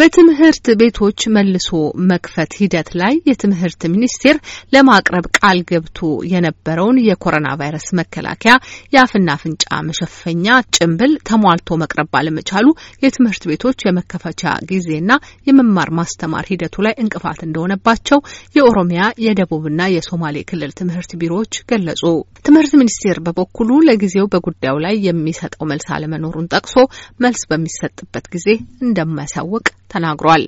በትምህርት ቤቶች መልሶ መክፈት ሂደት ላይ የትምህርት ሚኒስቴር ለማቅረብ ቃል ገብቶ የነበረውን የኮሮና ቫይረስ መከላከያ የአፍና አፍንጫ መሸፈኛ ጭንብል ተሟልቶ መቅረብ ባለመቻሉ የትምህርት ቤቶች የመከፈቻ ጊዜና የመማር ማስተማር ሂደቱ ላይ እንቅፋት እንደሆነባቸው የኦሮሚያ የደቡብና የሶማሌ ክልል ትምህርት ቢሮዎች ገለጹ። ትምህርት ሚኒስቴር በበኩሉ ለጊዜው በጉዳዩ ላይ የሚሰጠው መልስ አለመኖሩን ጠቅሶ መልስ በሚሰጥበት ጊዜ እንደማያሳውቅ ተናግሯል።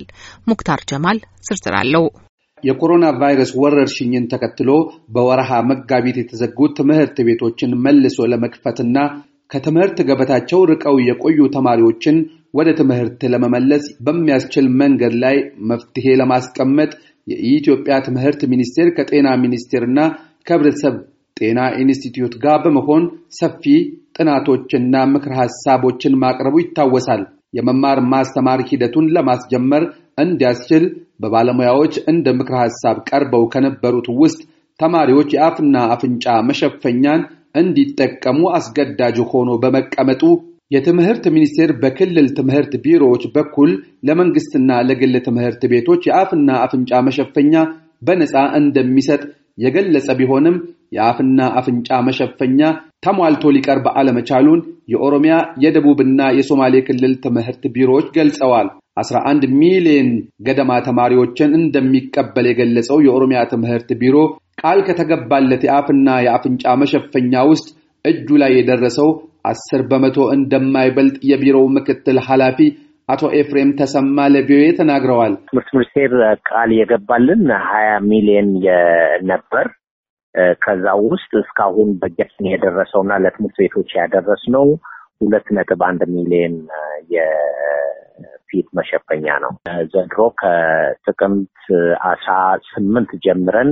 ሙክታር ጀማል ዝርዝር አለው። የኮሮና ቫይረስ ወረርሽኝን ተከትሎ በወረሃ መጋቢት የተዘጉት ትምህርት ቤቶችን መልሶ ለመክፈትና ከትምህርት ገበታቸው ርቀው የቆዩ ተማሪዎችን ወደ ትምህርት ለመመለስ በሚያስችል መንገድ ላይ መፍትሄ ለማስቀመጥ የኢትዮጵያ ትምህርት ሚኒስቴር ከጤና ሚኒስቴርና ከህብረተሰብ ጤና ኢንስቲትዩት ጋር በመሆን ሰፊ ጥናቶችና ምክር ሀሳቦችን ማቅረቡ ይታወሳል። የመማር ማስተማር ሂደቱን ለማስጀመር እንዲያስችል በባለሙያዎች እንደ ምክረ ሐሳብ ቀርበው ከነበሩት ውስጥ ተማሪዎች የአፍና አፍንጫ መሸፈኛን እንዲጠቀሙ አስገዳጅ ሆኖ በመቀመጡ የትምህርት ሚኒስቴር በክልል ትምህርት ቢሮዎች በኩል ለመንግስትና ለግል ትምህርት ቤቶች የአፍና አፍንጫ መሸፈኛ በነፃ እንደሚሰጥ የገለጸ ቢሆንም የአፍና አፍንጫ መሸፈኛ ተሟልቶ ሊቀርብ አለመቻሉን የኦሮሚያ የደቡብና የሶማሌ ክልል ትምህርት ቢሮዎች ገልጸዋል። 11 ሚሊዮን ገደማ ተማሪዎችን እንደሚቀበል የገለጸው የኦሮሚያ ትምህርት ቢሮ ቃል ከተገባለት የአፍና የአፍንጫ መሸፈኛ ውስጥ እጁ ላይ የደረሰው 10 በመቶ እንደማይበልጥ የቢሮው ምክትል ኃላፊ አቶ ኤፍሬም ተሰማ ለቪኦኤ ተናግረዋል። ትምህርት ሚኒስቴር ቃል የገባልን ሀያ ሚሊየን ነበር። ከዛ ውስጥ እስካሁን የደረሰው የደረሰውና ለትምህርት ቤቶች ያደረስነው ሁለት ነጥብ አንድ ሚሊዮን የፊት መሸፈኛ ነው። ዘንድሮ ከጥቅምት አስራ ስምንት ጀምረን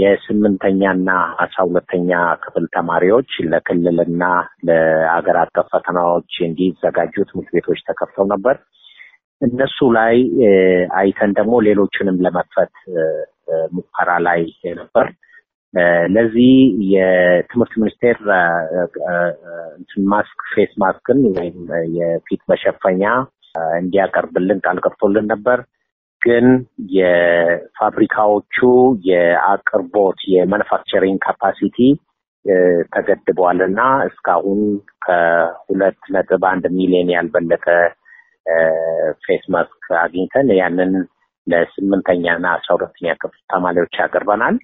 የስምንተኛና አስራ ሁለተኛ ክፍል ተማሪዎች ለክልልና ለአገር አቀፍ ፈተናዎች እንዲዘጋጁ ትምህርት ቤቶች ተከፍተው ነበር። እነሱ ላይ አይተን ደግሞ ሌሎችንም ለመክፈት ሙከራ ላይ ነበር። ለዚህ የትምህርት ሚኒስቴር ማስክ ፌስ ማስክን ወይም የፊት መሸፈኛ እንዲያቀርብልን ቃል ገብቶልን ነበር። ግን የፋብሪካዎቹ የአቅርቦት የማኑፋክቸሪንግ ካፓሲቲ ተገድበዋል እና እስካሁን ከሁለት ነጥብ አንድ ሚሊዮን ያልበለጠ ፌስ ማስክ አግኝተን ያንን ለስምንተኛና አስራ ሁለተኛ ክፍል ተማሪዎች ያቀርበናል።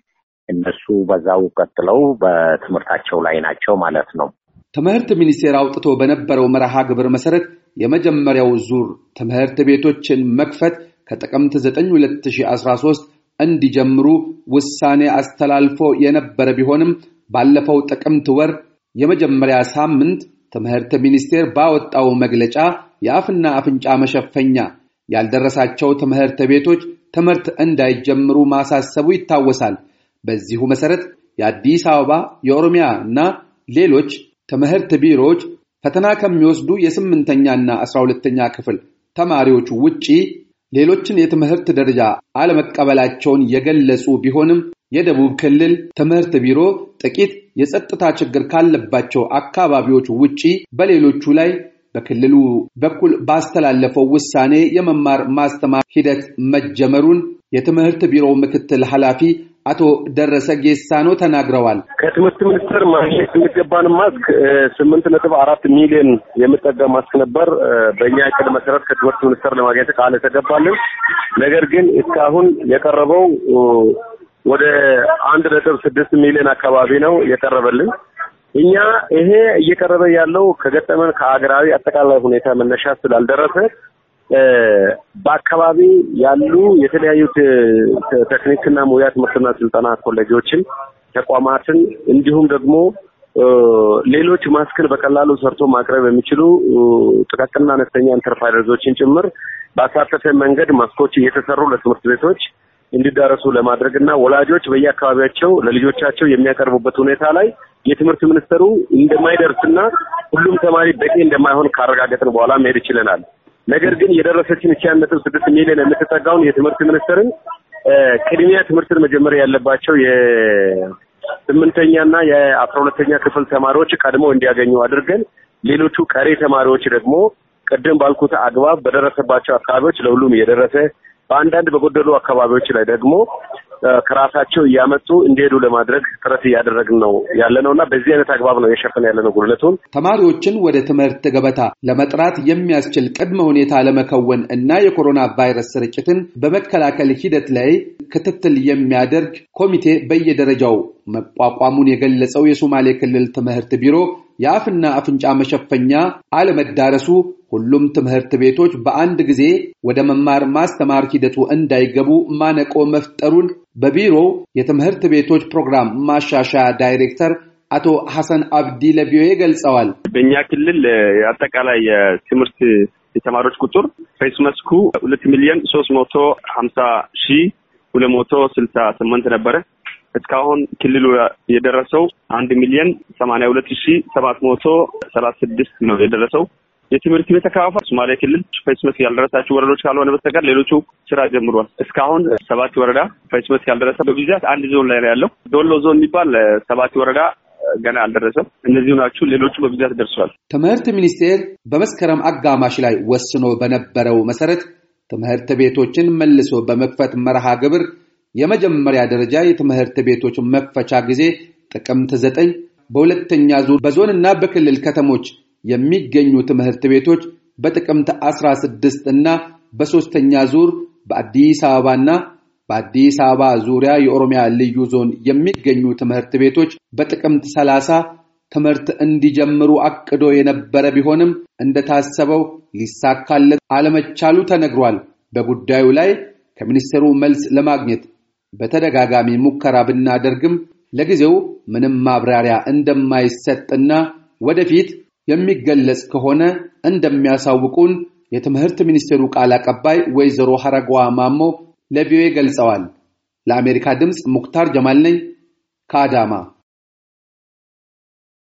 እነሱ በዛው ቀጥለው በትምህርታቸው ላይ ናቸው ማለት ነው። ትምህርት ሚኒስቴር አውጥቶ በነበረው መርሃ ግብር መሰረት የመጀመሪያው ዙር ትምህርት ቤቶችን መክፈት ከጥቅምት 9 2013 እንዲጀምሩ ውሳኔ አስተላልፎ የነበረ ቢሆንም ባለፈው ጥቅምት ወር የመጀመሪያ ሳምንት ትምህርት ሚኒስቴር ባወጣው መግለጫ የአፍና አፍንጫ መሸፈኛ ያልደረሳቸው ትምህርት ቤቶች ትምህርት እንዳይጀምሩ ማሳሰቡ ይታወሳል። በዚሁ መሰረት የአዲስ አበባ የኦሮሚያ እና ሌሎች ትምህርት ቢሮዎች ፈተና ከሚወስዱ የስምንተኛና አስራ ሁለተኛ ክፍል ተማሪዎች ውጪ ሌሎችን የትምህርት ደረጃ አለመቀበላቸውን የገለጹ ቢሆንም የደቡብ ክልል ትምህርት ቢሮ ጥቂት የጸጥታ ችግር ካለባቸው አካባቢዎች ውጪ በሌሎቹ ላይ በክልሉ በኩል ባስተላለፈው ውሳኔ የመማር ማስተማር ሂደት መጀመሩን የትምህርት ቢሮው ምክትል ኃላፊ አቶ ደረሰ ጌሳኖ ተናግረዋል። ከትምህርት ሚኒስቴር ማግኘት የሚገባን ማስክ ስምንት ነጥብ አራት ሚሊዮን የምጠጋ ማስክ ነበር። በእኛ እቅድ መሰረት ከትምህርት ሚኒስቴር ለማግኘት ቃል ተገባልን። ነገር ግን እስካሁን የቀረበው ወደ አንድ ነጥብ ስድስት ሚሊዮን አካባቢ ነው የቀረበልን። እኛ ይሄ እየቀረበ ያለው ከገጠመን ከሀገራዊ አጠቃላይ ሁኔታ መነሻ ስላልደረሰ በአካባቢ ያሉ የተለያዩ ቴክኒክና ሙያ ትምህርትና ስልጠና ኮሌጆችን፣ ተቋማትን እንዲሁም ደግሞ ሌሎች ማስክን በቀላሉ ሰርቶ ማቅረብ የሚችሉ ጥቃቅንና አነስተኛ ኢንተርፕራይዞችን ጭምር ባሳተፈ መንገድ ማስኮች እየተሰሩ ለትምህርት ቤቶች እንዲዳረሱ ለማድረግ እና ወላጆች በየአካባቢያቸው ለልጆቻቸው የሚያቀርቡበት ሁኔታ ላይ የትምህርት ሚኒስትሩ እንደማይደርስና ሁሉም ተማሪ በቂ እንደማይሆን ካረጋገጥን በኋላ መሄድ ይችለናል። ነገር ግን የደረሰችን ብቻ ነጥብ ስድስት ሚሊዮን የምትጠጋውን የትምህርት ሚኒስቴርን ቅድሚያ ትምህርትን መጀመር ያለባቸው የስምንተኛና የአስራ ሁለተኛ ክፍል ተማሪዎች ቀድሞ እንዲያገኙ አድርገን ሌሎቹ ቀሪ ተማሪዎች ደግሞ ቅድም ባልኩት አግባብ በደረሰባቸው አካባቢዎች ለሁሉም የደረሰ በአንዳንድ በጎደሉ አካባቢዎች ላይ ደግሞ ከራሳቸው እያመጡ እንዲሄዱ ለማድረግ ጥረት እያደረግን ነው ያለ ነው እና በዚህ አይነት አግባብ ነው እየሸፈነ ያለ ነው ጉድለቱን። ተማሪዎችን ወደ ትምህርት ገበታ ለመጥራት የሚያስችል ቅድመ ሁኔታ ለመከወን እና የኮሮና ቫይረስ ስርጭትን በመከላከል ሂደት ላይ ክትትል የሚያደርግ ኮሚቴ በየደረጃው መቋቋሙን የገለጸው የሶማሌ ክልል ትምህርት ቢሮ የአፍና አፍንጫ መሸፈኛ አለመዳረሱ ሁሉም ትምህርት ቤቶች በአንድ ጊዜ ወደ መማር ማስተማር ሂደቱ እንዳይገቡ ማነቆ መፍጠሩን በቢሮው የትምህርት ቤቶች ፕሮግራም ማሻሻያ ዳይሬክተር አቶ ሐሰን አብዲ ለቪኦኤ ገልጸዋል። በእኛ ክልል አጠቃላይ የትምህርት የተማሪዎች ቁጥር ፌስ መስኩ ሁለት ሚሊዮን ሶስት መቶ ሀምሳ ሺህ ሁለት መቶ ስልሳ ስምንት ነበረ። እስካሁን ክልሉ የደረሰው አንድ ሚሊዮን ሰማንያ ሁለት ሺ ሰባት መቶ ሰላሳ ስድስት ነው የደረሰው። የትምህርት ቤት አከፋፈል ሶማሌ ክልል ፌስመስ ያልደረሳቸው ወረዳዎች ካልሆነ በስተቀር ሌሎቹ ስራ ጀምሯል። እስካሁን ሰባት ወረዳ ፌስመስ ያልደረሰ በብዛት አንድ ዞን ላይ ነው ያለው። ዶሎ ዞን የሚባል ሰባት ወረዳ ገና አልደረሰም። እነዚሁ ናቸው። ሌሎቹ በብዛት ደርሷል። ትምህርት ሚኒስቴር በመስከረም አጋማሽ ላይ ወስኖ በነበረው መሰረት ትምህርት ቤቶችን መልሶ በመክፈት መርሃ ግብር የመጀመሪያ ደረጃ የትምህርት ቤቶች መክፈቻ ጊዜ ጥቅምት ዘጠኝ በሁለተኛ ዙር በዞንና በክልል ከተሞች የሚገኙ ትምህርት ቤቶች በጥቅምት 16 እና በሶስተኛ ዙር በአዲስ አበባና በአዲስ አበባ ዙሪያ የኦሮሚያ ልዩ ዞን የሚገኙ ትምህርት ቤቶች በጥቅምት 30 ትምህርት እንዲጀምሩ አቅዶ የነበረ ቢሆንም እንደታሰበው ሊሳካለት አለመቻሉ ተነግሯል። በጉዳዩ ላይ ከሚኒስቴሩ መልስ ለማግኘት በተደጋጋሚ ሙከራ ብናደርግም ለጊዜው ምንም ማብራሪያ እንደማይሰጥና ወደፊት የሚገለጽ ከሆነ እንደሚያሳውቁን የትምህርት ሚኒስቴሩ ቃል አቀባይ ወይዘሮ ሐረጓ ማሞ ለቪኦኤ ገልጸዋል። ለአሜሪካ ድምፅ ሙክታር ጀማል ነኝ ከአዳማ